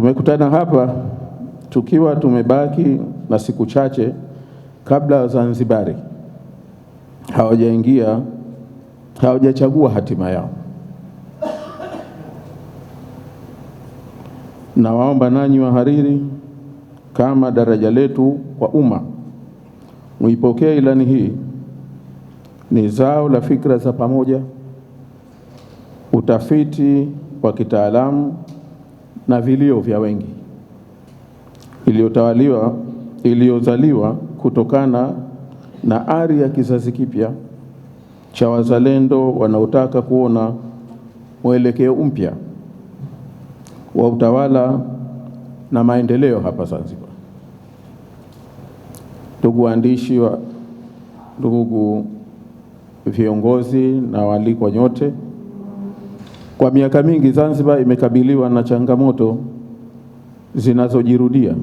Tumekutana hapa tukiwa tumebaki na siku chache kabla Wazanzibari hawajaingia hawajachagua hatima yao. Nawaomba nanyi wahariri, kama daraja letu kwa umma, muipokee ilani hii. Ni zao la fikra za pamoja, utafiti wa kitaalamu na vilio vya wengi, iliyotawaliwa iliyozaliwa kutokana na ari ya kizazi kipya cha wazalendo wanaotaka kuona mwelekeo mpya wa utawala na maendeleo hapa Zanzibar. Ndugu waandishi wa ndugu viongozi na waalikwa nyote kwa miaka mingi Zanzibar imekabiliwa na changamoto zinazojirudia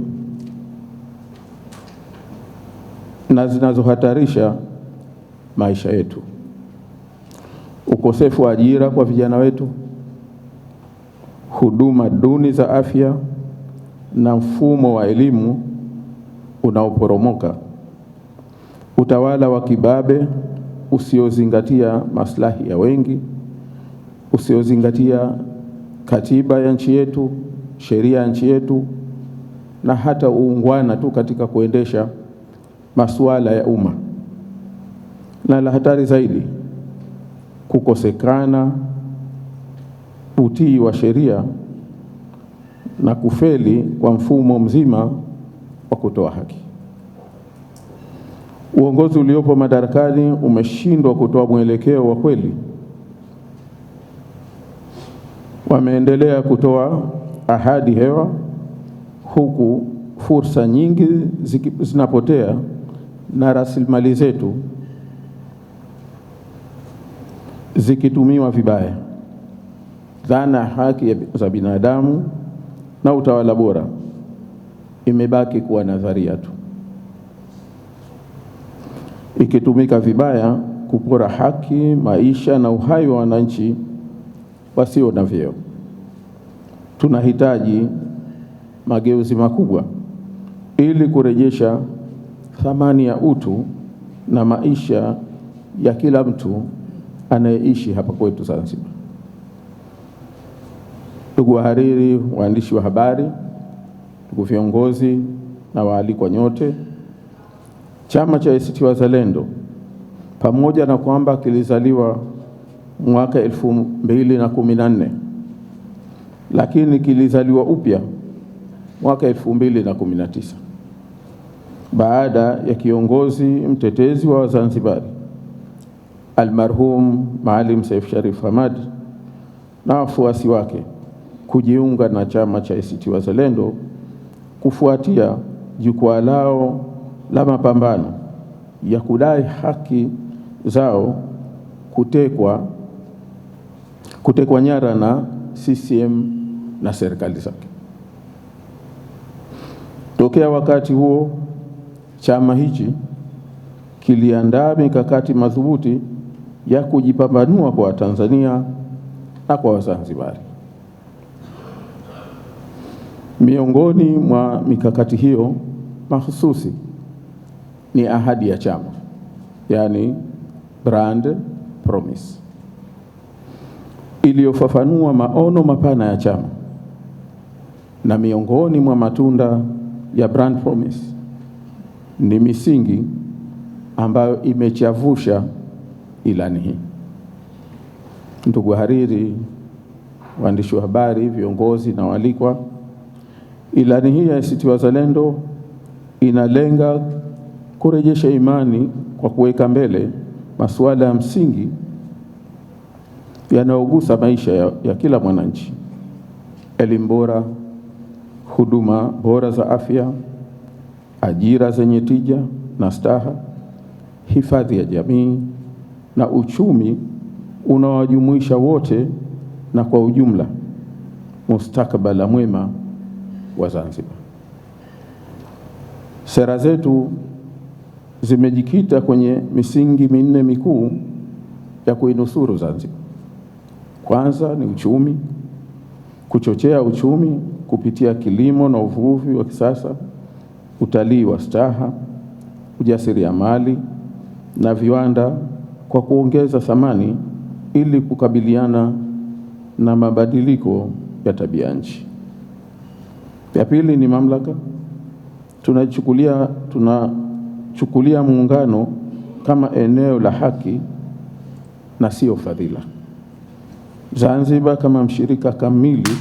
na zinazohatarisha maisha yetu: ukosefu wa ajira kwa vijana wetu, huduma duni za afya na mfumo wa elimu unaoporomoka, utawala wa kibabe usiozingatia maslahi ya wengi usiozingatia katiba ya nchi yetu, sheria ya nchi yetu na hata uungwana tu katika kuendesha masuala ya umma, na la hatari zaidi, kukosekana utii wa sheria na kufeli kwa mfumo mzima wa kutoa haki. Uongozi uliopo madarakani umeshindwa kutoa mwelekeo wa kweli wameendelea kutoa ahadi hewa, huku fursa nyingi zinapotea na rasilimali zetu zikitumiwa vibaya. Dhana haki za binadamu na utawala bora imebaki kuwa nadharia tu, ikitumika vibaya kupora haki, maisha na uhai wa wananchi wasio na vyeo. Tunahitaji mageuzi makubwa ili kurejesha thamani ya utu na maisha ya kila mtu anayeishi hapa kwetu Zanzibar. Ndugu wahariri, waandishi wa habari, ndugu viongozi na waalikwa nyote, chama cha ACT Wazalendo pamoja na kwamba kilizaliwa mwaka 2014 lakini kilizaliwa upya mwaka 2019 baada ya kiongozi mtetezi wa Wazanzibari almarhum Maalim Seif Sharif Hamad na wafuasi wake kujiunga na chama cha ACT Wazalendo kufuatia jukwaa lao la mapambano ya kudai haki zao kutekwa kutekwa nyara na CCM na serikali zake. Tokea wakati huo chama hichi kiliandaa mikakati madhubuti ya kujipambanua kwa Watanzania na kwa Wazanzibari. Miongoni mwa mikakati hiyo mahususi ni ahadi ya chama, yaani brand promise iliyofafanua maono mapana ya chama na miongoni mwa matunda ya brand promise ni misingi ambayo imechavusha ilani hii. Ndugu hariri waandishi wa habari, viongozi na walikwa, ilani hii ya ACT Wazalendo inalenga kurejesha imani kwa kuweka mbele masuala ya msingi yanayogusa maisha ya, ya kila mwananchi: elimu bora, huduma bora za afya, ajira zenye tija na staha, hifadhi ya jamii na uchumi unaowajumuisha wote, na kwa ujumla mustakabala mwema wa Zanzibar. Sera zetu zimejikita kwenye misingi minne mikuu ya kuinusuru Zanzibar. Kwanza ni uchumi, kuchochea uchumi kupitia kilimo na uvuvi wa kisasa, utalii wa staha, ujasiriamali na viwanda kwa kuongeza thamani ili kukabiliana na mabadiliko ya tabia nchi. Ya pili ni mamlaka. Tunachukulia tunachukulia muungano kama eneo la haki na sio fadhila. Zanzibar kama mshirika kamili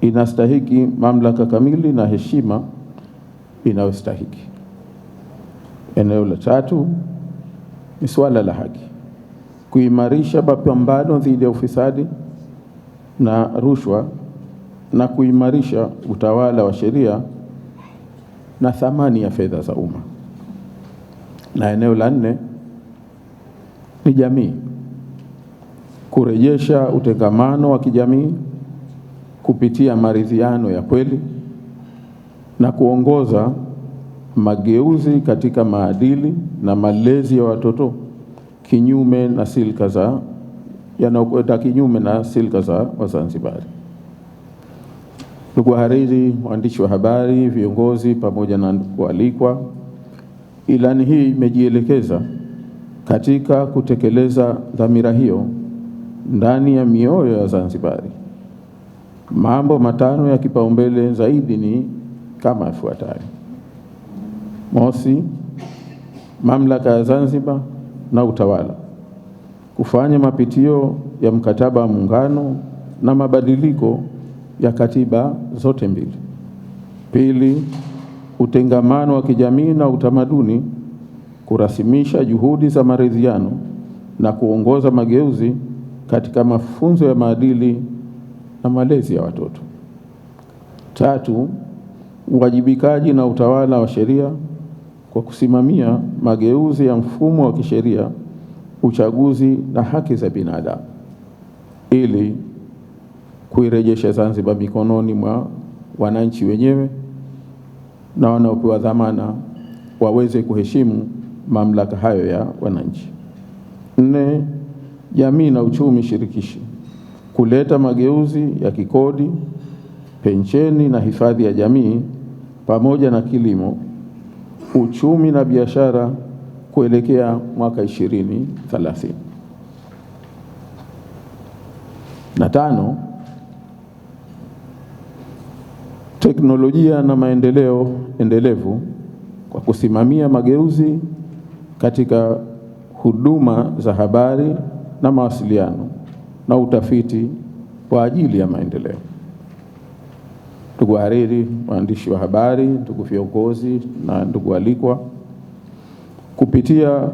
inastahiki mamlaka kamili na heshima inayostahiki. Eneo la tatu ni suala la haki, kuimarisha mapambano dhidi ya ufisadi na rushwa na kuimarisha utawala wa sheria na thamani ya fedha za umma. Na eneo la nne ni jamii kurejesha utengamano wa kijamii kupitia maridhiano ya kweli na kuongoza mageuzi katika maadili na malezi ya watoto kinyume na silka za yanayokwenda kinyume na silka za Wazanzibari. Ndugu wahariri, waandishi wa habari, viongozi pamoja na kualikwa, ilani hii imejielekeza katika kutekeleza dhamira hiyo ndani ya mioyo ya Zanzibari. Mambo matano ya kipaumbele zaidi ni kama ifuatayo: mosi, mamlaka ya Zanzibar na utawala kufanya mapitio ya mkataba wa muungano na mabadiliko ya katiba zote mbili. Pili, utengamano wa kijamii na utamaduni kurasimisha juhudi za maridhiano na kuongoza mageuzi katika mafunzo ya maadili na malezi ya watoto. Tatu, uwajibikaji na utawala wa sheria kwa kusimamia mageuzi ya mfumo wa kisheria, uchaguzi na haki za binadamu ili kuirejesha Zanzibar mikononi mwa wananchi wenyewe na wanaopewa dhamana waweze kuheshimu mamlaka hayo ya wananchi. Nne, jamii na uchumi shirikishi, kuleta mageuzi ya kikodi, pensheni na hifadhi ya jamii, pamoja na kilimo, uchumi na biashara kuelekea mwaka 2030. Na tano, teknolojia na maendeleo endelevu kwa kusimamia mageuzi katika huduma za habari na mawasiliano na utafiti kwa ajili ya maendeleo. Ndugu wahariri, waandishi wa habari, ndugu viongozi na ndugu alikwa, kupitia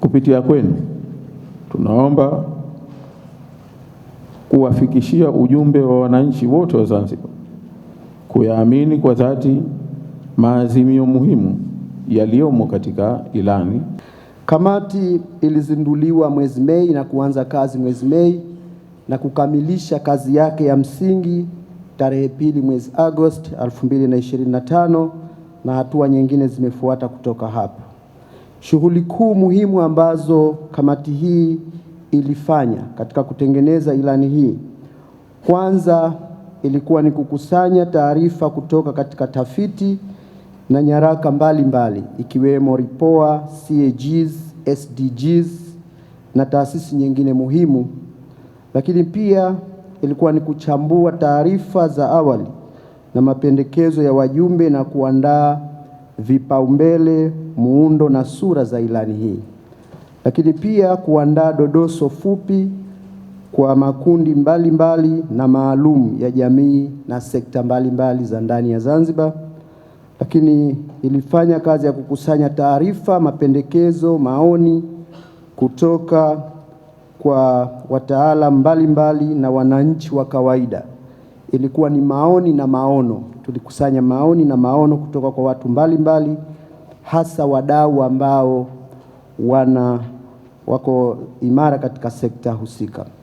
kupitia kwenu tunaomba kuwafikishia ujumbe wa wananchi wote wa Zanzibar kuyaamini kwa dhati maazimio muhimu yaliyomo katika ilani Kamati ilizinduliwa mwezi Mei na kuanza kazi mwezi Mei na kukamilisha kazi yake ya msingi tarehe pili mwezi Agosti 2025 na hatua nyingine zimefuata kutoka hapo. Shughuli kuu muhimu ambazo kamati hii ilifanya katika kutengeneza ilani hii, kwanza ilikuwa ni kukusanya taarifa kutoka katika tafiti na nyaraka mbalimbali mbali, ikiwemo RIPOA, CAGs, SDGs na taasisi nyingine muhimu, lakini pia ilikuwa ni kuchambua taarifa za awali na mapendekezo ya wajumbe na kuandaa vipaumbele, muundo na sura za ilani hii, lakini pia kuandaa dodoso fupi kwa makundi mbalimbali mbali na maalum ya jamii na sekta mbalimbali mbali za ndani ya Zanzibar lakini ilifanya kazi ya kukusanya taarifa, mapendekezo, maoni kutoka kwa wataalamu mbalimbali na wananchi wa kawaida. Ilikuwa ni maoni na maono, tulikusanya maoni na maono kutoka kwa watu mbalimbali mbali, hasa wadau ambao wana wako imara katika sekta husika.